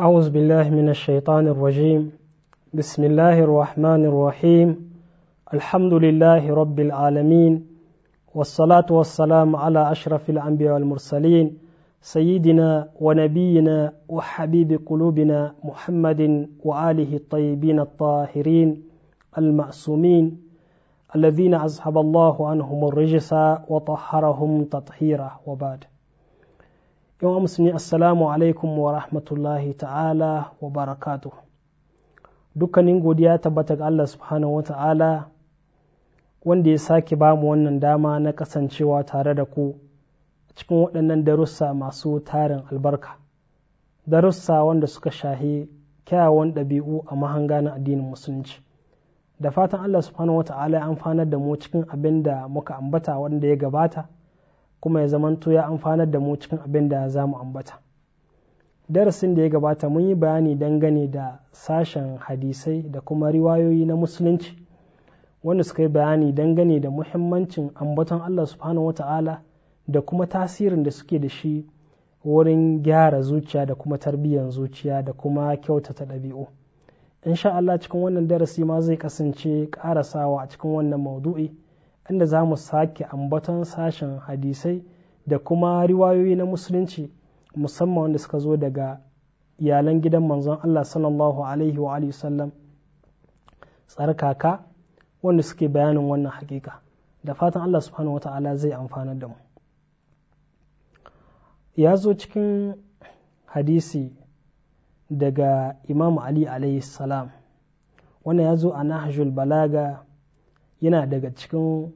أعوذ بالله من الشيطان الرجيم بسم الله الرحمن الرحيم الحمد لله رب العالمين والصلاة والسلام على أشرف الأنبياء والمرسلين سيدنا ونبينا وحبيب قلوبنا محمد وآله الطيبين الطاهرين المعصومين الذين أذهب الله عنهم الرجس وطهرهم تطهيرا وبعد yawan musulmi assalamu alaikum wa rahmatullahi ta'ala wa barakatu dukkanin godiya tabbata ga Allah subhanahu wa ta'ala wanda ya sake ba mu wannan dama na kasancewa tare da ku cikin waɗannan darussa masu tarin albarka darussa wanda suka shahi kyawawan ɗabi'u a mahanga na addinin musulunci da fatan Allah subhanahu wa ta'ala ya amfanar da mu cikin abin da muka ambata wanda ya gabata kuma ya zamanto ya amfanar da mu cikin abin da za mu ambata darasin da ya gabata mun yi bayani dangane da sashen hadisai da kuma riwayoyi na musulunci wanda suka yi bayani dangane da muhimmancin ambaton Allah subhanahu wata'ala da kuma tasirin da suke da shi wurin gyara zuciya da kuma tarbiyyar zuciya da kuma kyautata ɗabi'u insha Allah cikin wannan darasi ma zai kasance ƙarasawa a cikin wannan maudu'i inda za mu sake ambaton sashen hadisai da kuma riwayoyi na musulunci musamman wanda suka zo daga iyalan gidan manzon Allah sallallahu alaihi wa alihi sallam tsarkaka wanda suke bayanin wannan hakika da fatan Allah subhanahu wata'ala zai amfana da mu ya zo cikin hadisi daga imam Ali alaihi salam wanda ya zo a nahjul balaga yana daga cikin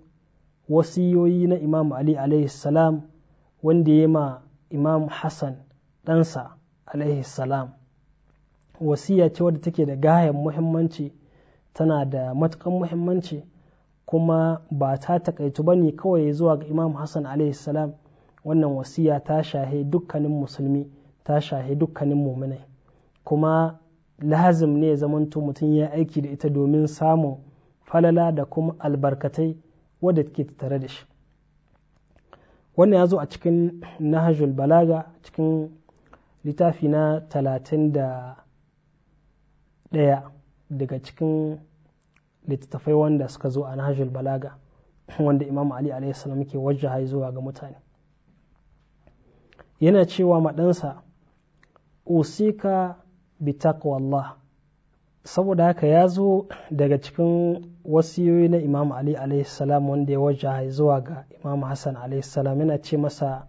wasiyoyi na imam ali alaihi salam wanda ya ma imam hassan ɗansa alaihi salam wasiya ce wadda take da gayan muhimmanci tana da matukan muhimmanci kuma ba ta takaitu ba ne kawai zuwa ga imam hassan alaihi salam wannan wasiya ta shahe dukkanin musulmi ta shahe dukkanin muminai kuma lazim ne zamanto mutum ya aiki da ita domin samun falala da kuma albarkatai wadda ke tattare da shi wannan ya zo a cikin nahajul balaga cikin littafi na talatin da ɗaya daga cikin littattafai wanda suka zo a nahajul balaga wanda imam ali salam ke wajaha zuwa ga mutane yana cewa maɗansa usika bi takwallah saboda haka ya zo daga cikin wasiyoyi na imam ali alaihissalam wanda ya wajaha zuwa ga imam hassan alaihissalam yana ce masa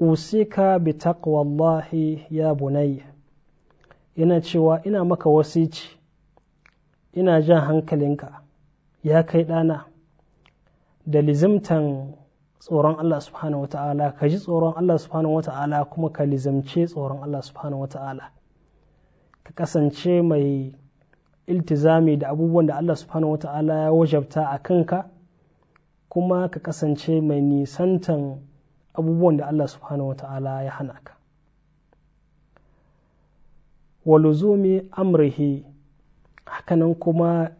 usika bi taqwallahi ya bunayya yana cewa ina maka wasici ina jan hankalinka ya kai ɗana da lizimtan tsoron Allah subhanahu wa ta'ala ka ji tsoron Allah subhanahu wa ta'ala kuma ka lizimce tsoron Allah subhanahu wa ta'ala ka kasance mai iltizami da abubuwan da Allah subhanahu wa ta'ala ya wajabta a kanka kuma ka kasance mai nisantan abubuwan da Allah subhanahu wa ta'ala ya hana ka waluzumi amrihi hakanan kuma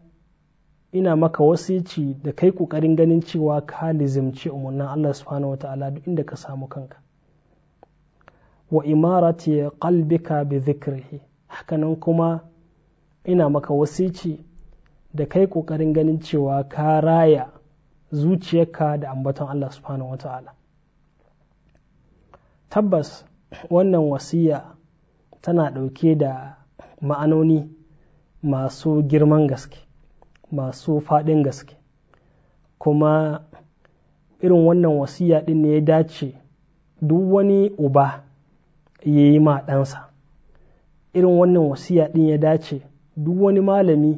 ina maka wasici da kai ƙoƙarin ganin cewa ka lizimci umarnin Allah subhanahu wa ta'ala duk inda ka samu kanka wa imarati qalbika bi dhikrihi hakanan kuma ina maka wasici da kai ƙoƙarin ganin cewa ka raya zuciyarka da ambaton Allah subhanahu wa ta'ala tabbas wannan wasiya tana ɗauke da ma'anoni masu girman gaske masu faɗin gaske kuma irin wannan wasiya ɗin ne ya dace duk wani uba ya yi ma ɗansa irin wannan wasiya ɗin ya dace duk wani malami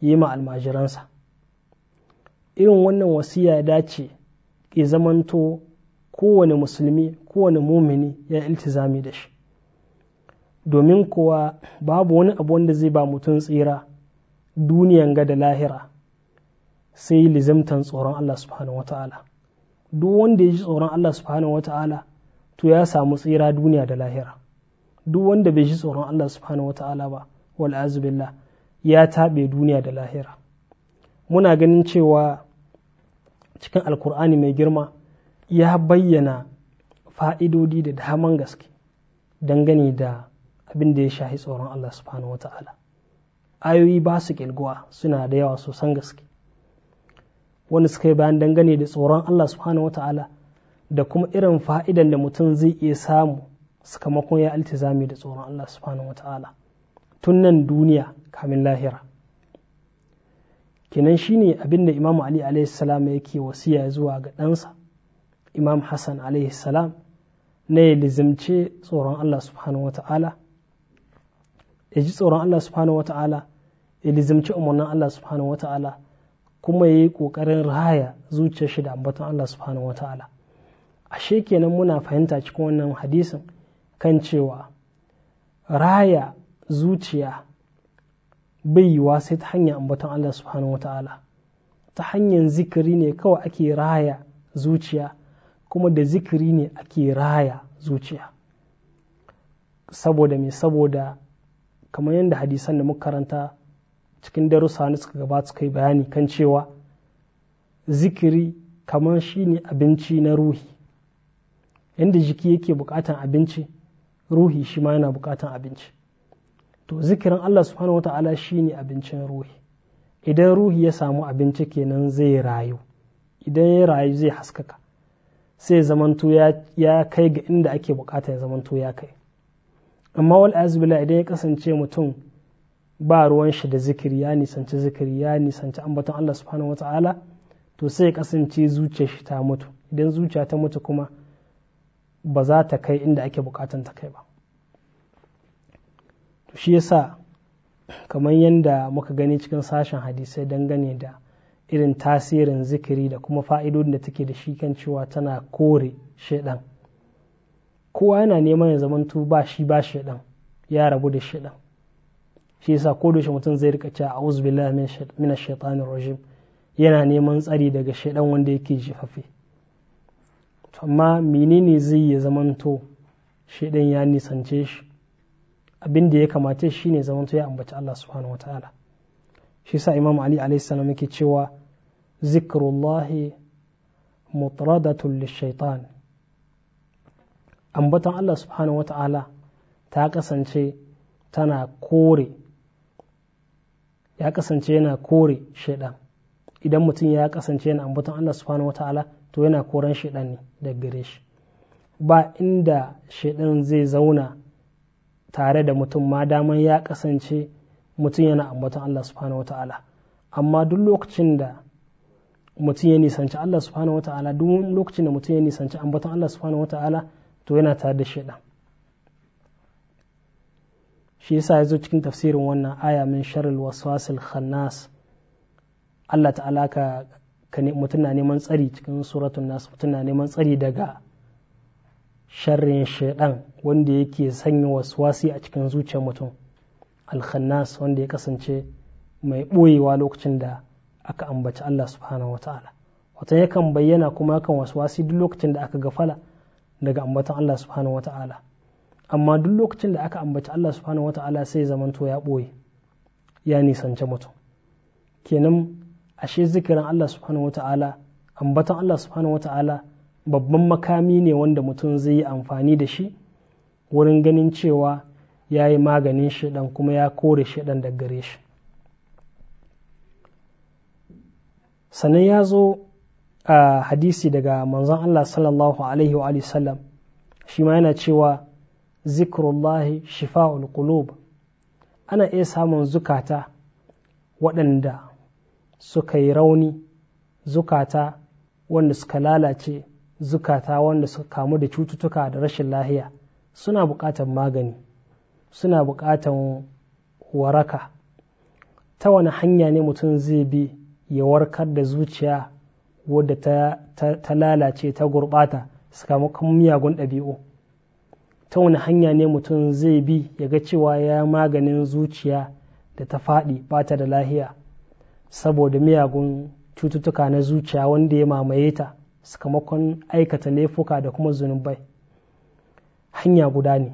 ya yi ma almajiransa irin wannan wasiya ya dace ke zamanto kowane musulmi kowane mumini ya iltizami da shi domin kuwa babu wani abu wanda zai ba mutum tsira duniyan ga da lahira sai lizimtan tsoron Allah subhanahu ta'ala duk wanda ya ji tsoron Allah subhanahu ta'ala to ya samu tsira duniya da lahira duk wanda bai ji tsoron Allah subhanahu ta'ala ba wal billah ya taɓe duniya da lahira muna ganin cewa cikin alkur'ani mai girma ya bayyana fa'idodi da daman gaske dangane da abin da ya shahi tsoron Allah subhanahu ta'ala ayoyi ba su kilguwa suna da yawa sosan gaske wani suka yi bayan dangane da tsoron Allah subhanahu ta'ala da kuma irin fa'idan da mutum zai iya samu sakamakon ya altizami da tsoron Allah subhanahu wa ta'ala tun nan duniya kamin lahira kenan shine abin da Imam ali alaihi salam yake wasiya zuwa ga ɗansa imam hassan alaihi salam na ya lizimce tsoron Allah subhanahu wa ta'ala ya ji tsoron Allah subhanahu wa ta'ala ya lizimci umarnin Allah subhanahu wa ta'ala kuma ya yi ƙoƙarin raya zuciyar shi da ambaton Allah subhanahu wa ta'ala ashe kenan muna fahimta cikin wannan hadisin kan cewa raya zuciya bai yiwa sai ta hanyar ambaton Allah subhanahu wata'ala ta hanyar zikiri ne kawai ake raya zuciya kuma da zikiri ne ake raya zuciya saboda mai saboda kamar yadda hadisan da muka karanta cikin darussa wani suka gabata suka yi bayani kan cewa zikiri kamar ne abinci na ruhi yadda jiki yake bukatan abinci ruhi shi ma yana bukatan abinci to zikirin Allah subhanahu wa ta'ala shi ne abincin ruhi idan ruhi ya samu abinci kenan zai rayu idan ya rayu zai haskaka sai zamanto ya kai ga inda ake bukata ya zamanto ya kai amma wal azbila idan ya kasance mutum ba ruwan shi da zikiri ya nisanci zikiri ya nisanci ambaton Allah subhanahu wa ta'ala to sai ya kasance zuciya shi ta mutu idan zuciya ta mutu kuma ba za ta kai inda ake bukatan ta kai ba shi yasa kamar yadda muka gani cikin sashen hadisai dangane da irin tasirin zikiri da kuma fa'idodin da take da shi kan cewa tana kore shaidan kowa yana neman ya zamanto ba shi ba shaidan ya rabu da shaidan shi yasa ko da mutum zai rika cewa a billahi minash shaitanir rajim yana neman tsari daga shaidan wanda yake jifaffe amma menene zai ya zamanto shaidan ya nisance shi abin da ya kamata shi ne zamanto ya ambaci Allah subhanahu wataala shi sa imam ali alayhi salam yake cewa zikrullahi mutradatul lishaitan ambaton Allah subhanahu wataala ta kasance tana kore ya kasance yana kore shaidan idan mutum ya kasance yana ambaton Allah subhanahu wataala to yana koran shaidan ne da gare shi ba inda shaidan zai zauna tare da mutum ma daman ya kasance mutum yana ambaton Allah subhanahu wa ta'ala amma duk lokacin da mutum ya nisanci Allah subhanahu wa ta'ala duk lokacin da mutum ya nisanci ambaton Allah subhanahu wa ta'ala to yana tare da shaidan shi yasa ya zo cikin tafsirin wannan aya min sharil waswasil khannas Allah ta'ala ka mutum na neman tsari cikin suratun nasu mutum na neman tsari daga sharrin shaidan wanda yake sanya waswasi a cikin zuciyar mutum alkhannas wanda ya kasance mai ɓoyewa lokacin da aka ambaci Allah subhanahu wata'ala wata yakan bayyana kuma yakan waswasi duk lokacin da aka gafala daga ambatan Allah subhanahu wata'ala amma duk lokacin da aka ambaci Allah subhanahu wata'ala sai zamanto ya ɓoye ya nisance mutum kenan ashe zikirin Allah subhanahu wata'ala ambaton Allah subhanahu wata'ala babban makami ne wanda mutum zai yi amfani da shi wurin ganin cewa ya yi maganin shaɗan kuma ya kore shaɗan da gare shi sannan ya zo a hadisi daga manzon Allah sallallahu alaihi wa sallam shi ma yana cewa zikrullahi shifa'ul qulub ana iya samun zukata waɗanda suka yi rauni zukata wanda suka lalace zukata wanda suka kamu da cututtuka da rashin lahiya suna buƙatar magani suna buƙatar waraka ta wani hanya ne mutum zai bi ya warkar da zuciya wadda ta, lalace ta gurɓata sakamakon miyagun ɗabi'u ta wani hanya ne mutum zai bi ya ga cewa ya maganin zuciya da ta faɗi ba ta da lahiya saboda miyagun cututtuka na zuciya wanda ya mamaye ta sakamakon aikata laifuka da kuma zunubai hanya guda ne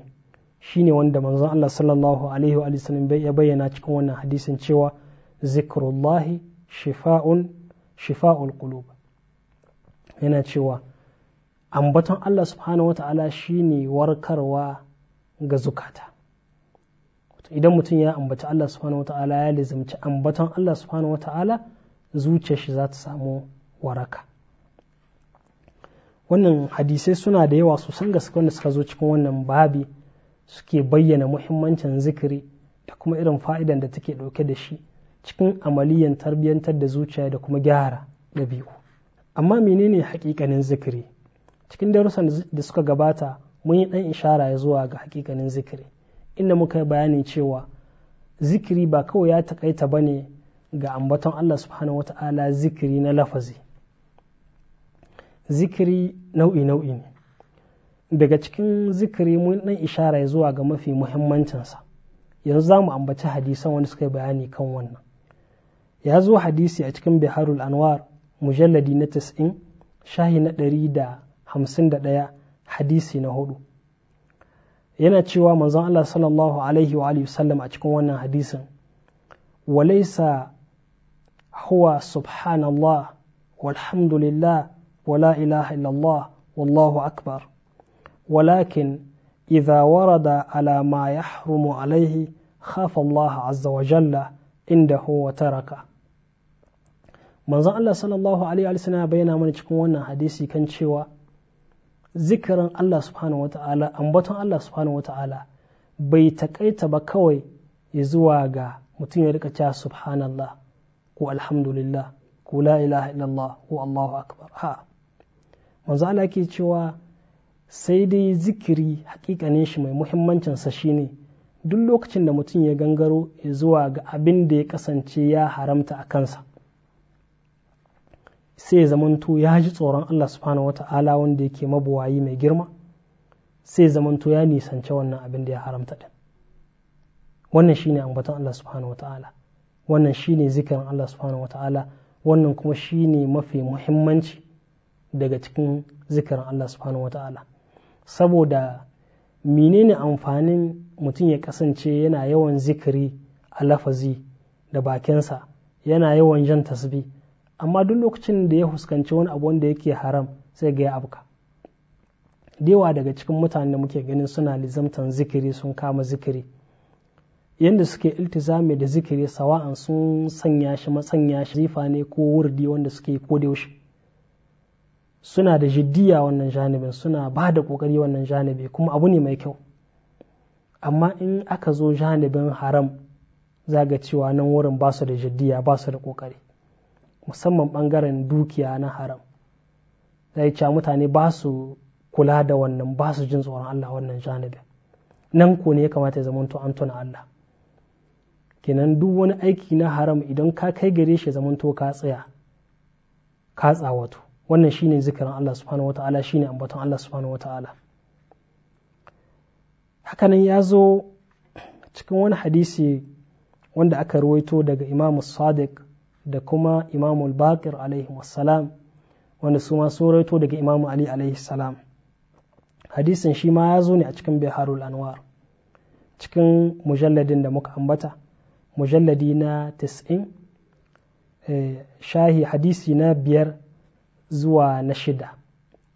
shine wanda manzon Allah sallallahu alaihi wa sallam ya bayyana cikin wannan hadisin cewa zikrullahi shifa'un shifa'ul qulub yana cewa ambaton Allah subhanahu wata'ala shine warkarwa ga zukata idan mutum ya ambaci Allah subhanahu wata'ala ya lizimci ambaton Allah subhanahu wata'ala zuciyar shi za ta samu waraka wannan hadisai suna da yawa sosan gaske wanda suka zo cikin wannan babi suke bayyana muhimmancin zikiri da kuma irin fa'idan da take ɗauke da shi cikin amaliyan tarbiyyantar da zuciya da kuma gyara biyu. amma menene hakikanin zikiri cikin darussan da suka gabata mun yi ɗan ishara zuwa ga hakikanin zikiri inda muka bayanin cewa zikiri ba kawai ya takaita ba ne ga ambaton Allah subhanahu wata'ala zikiri na lafazi zikiri nau'i-nau'i ne daga cikin zikiri mun dan ishara zuwa ga mafi muhimmancinsa yanzu za mu ambaci hadisan wanda suka yi bayani kan wannan ya zo hadisi a cikin biharul anwar mujalladi na 90 shahi na 151 hadisi na hudu yana cewa manzon Allah sallallahu alaihi wa alihi sallam a cikin wannan hadisin walaisa huwa subhanallah walhamdulillah wala ilaha illallah wallahu akbar walakin idza warada ala ma yahrumu alaihi khafa Allah azza wa jalla indahu wa taraka manzon Allah sallallahu alaihi wa alihi bayyana mana cikin wannan hadisi kan cewa zikirin Allah subhanahu wa ta'ala ambaton Allah subhanahu wa ta'ala bai takaita ba kawai ya zuwa ga mutum ya rika cewa subhanallah ko alhamdulillah ko la ilaha illallah ko Allahu akbar ha manzo Allah ke cewa sai dai zikiri hakikanin shi mai muhimmancin sa shine duk lokacin da mutum ya gangaro ya zuwa ga abin da ya kasance ya haramta a kansa sai ya zamanto ya ji tsoron Allah subhanahu wata'ala wanda yake mabuwayi mai girma sai ya zamanto ya nisance wannan abin da ya haramta din wannan shine ambaton Allah subhanahu wata'ala wannan shine zikirin Allah subhanahu wata'ala wannan kuma shine mafi muhimmanci daga cikin zikirin Allah subhanahu wata'ala saboda menene amfanin mutum ya kasance yana yawan zikiri a lafazi da bakinsa yana yawan jan tasbi amma duk lokacin da ya fuskanci wani abu wanda yake haram sai ga ya afka dewa daga cikin mutane da muke ganin suna lizamtan zikiri sun kama zikiri yadda suke iltizami da zikiri sawa'an sun sanya shi masanya shi zifa ne ko wurdi wanda suke ko daushe. suna da jiddiya wannan janibin suna ba da kokari wannan janibi kuma abu ne mai kyau amma in aka zo janibin haram zaga cewa nan wurin ba su da jiddiya ba su da kokari musamman bangaren dukiya na haram zai cewa mutane ba su kula da wannan ba su jin tsoron Allah wannan janibin nan ko ne ya kamata ya to an tuna Allah kenan duk wani aiki na haram idan ka kai gare shi zamanto ka tsaya ka tsawatu wannan shine zikirin Allah subhanahu wata'ala shine ambaton Allah subhanahu wata'ala hakanan ya zo cikin wani hadisi wanda aka ruwaito daga imamu sadiq da kuma imamul bakir alaihi wassalam wanda su ma sun daga imamu ali alaihi salam hadisin shi ma ya zo ne a cikin biharul anwar cikin mujalladin da muka ambata mujalladi na 90 eh, shahi hadisi na biyar zuwa na shida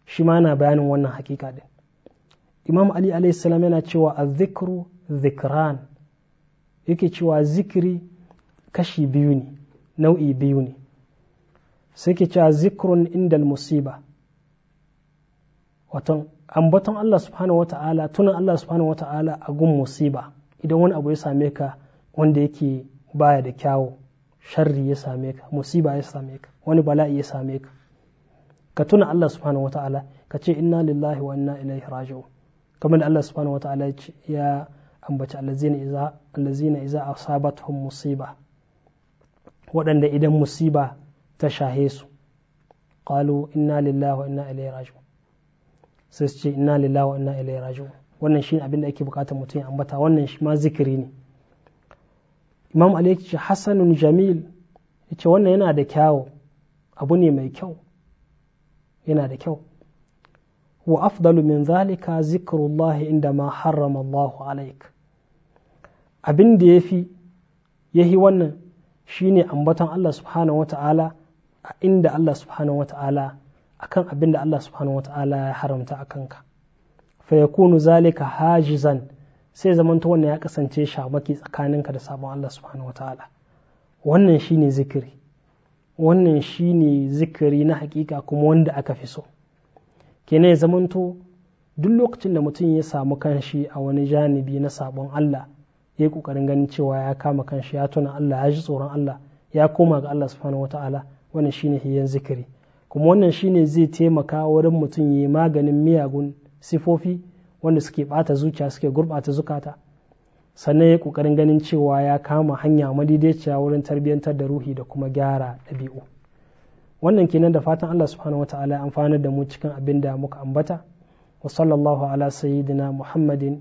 shi ma na bayanin wannan hakika din imam ali alaihi salam yana cewa a zikru zikran yake cewa zikiri kashi biyu ne nau'i biyu ne suke cewa zikrun inda musiba wato ambaton Allah subhanahu wa ta'ala tunan Allah subhanahu wa ta'ala a gun musiba idan wani abu ya same ka wanda yake baya da kyawu sharri ya same ka musiba ya same ka wani bala'i ya same ka ka tuna Allah subhanahu wa ta'ala ka ce inna lillahi wa inna ilaihi raji'un kamar da Allah subhanahu wa ta'ala ya ambaci allazina iza allazina iza asabatuhum musiba waɗanda idan musiba ta shahe su qalu inna lillahi wa inna ilaihi raji'un sai su ce inna lillahi wa inna ilaihi raji'un wannan shine abin da ake bukatar mutum ya ambata wannan shi ma zikiri ne imam ali yace hasanun jamil yace wannan yana da kyawu abu ne mai kyau yana da kyau wa afdalu min zalika zikrullahi inda ma harrama alaik abin da yafi yahi wannan shine ambaton Allah subhanahu ta'ala a inda Allah subhanahu a akan abin da Allah subhanahu ta'ala ya haramta a kanka fa kunu zalika hajizan sai zamanta wannan ya kasance shamaki tsakaninka da sabon Allah subhanahu ta'ala wannan shine zikiri wannan shine zikiri na hakika kuma wanda aka fi so kenan ya zamanto duk lokacin da mutum ya samu kanshi a wani janibi na sabon Allah ya yi kokarin ganin cewa ya kama kanshi ya tuna Allah ya ji tsoron Allah ya koma ga Allah subhanahu wataala wannan shine hiyan zikiri kuma wannan shine zai taimaka wurin mutum ya maganin miyagun sifofi wanda suke bata zuciya suke gurbata zukata sannan ya kokarin ganin cewa ya kama hanya madaidaiciya wurin tarbiyyantar da ruhi da kuma gyara ɗabi'u wannan kenan da fatan Allah subhanahu wataala ya amfanar da mu cikin abin da muka ambata wa sallallahu ala sayyidina muhammadin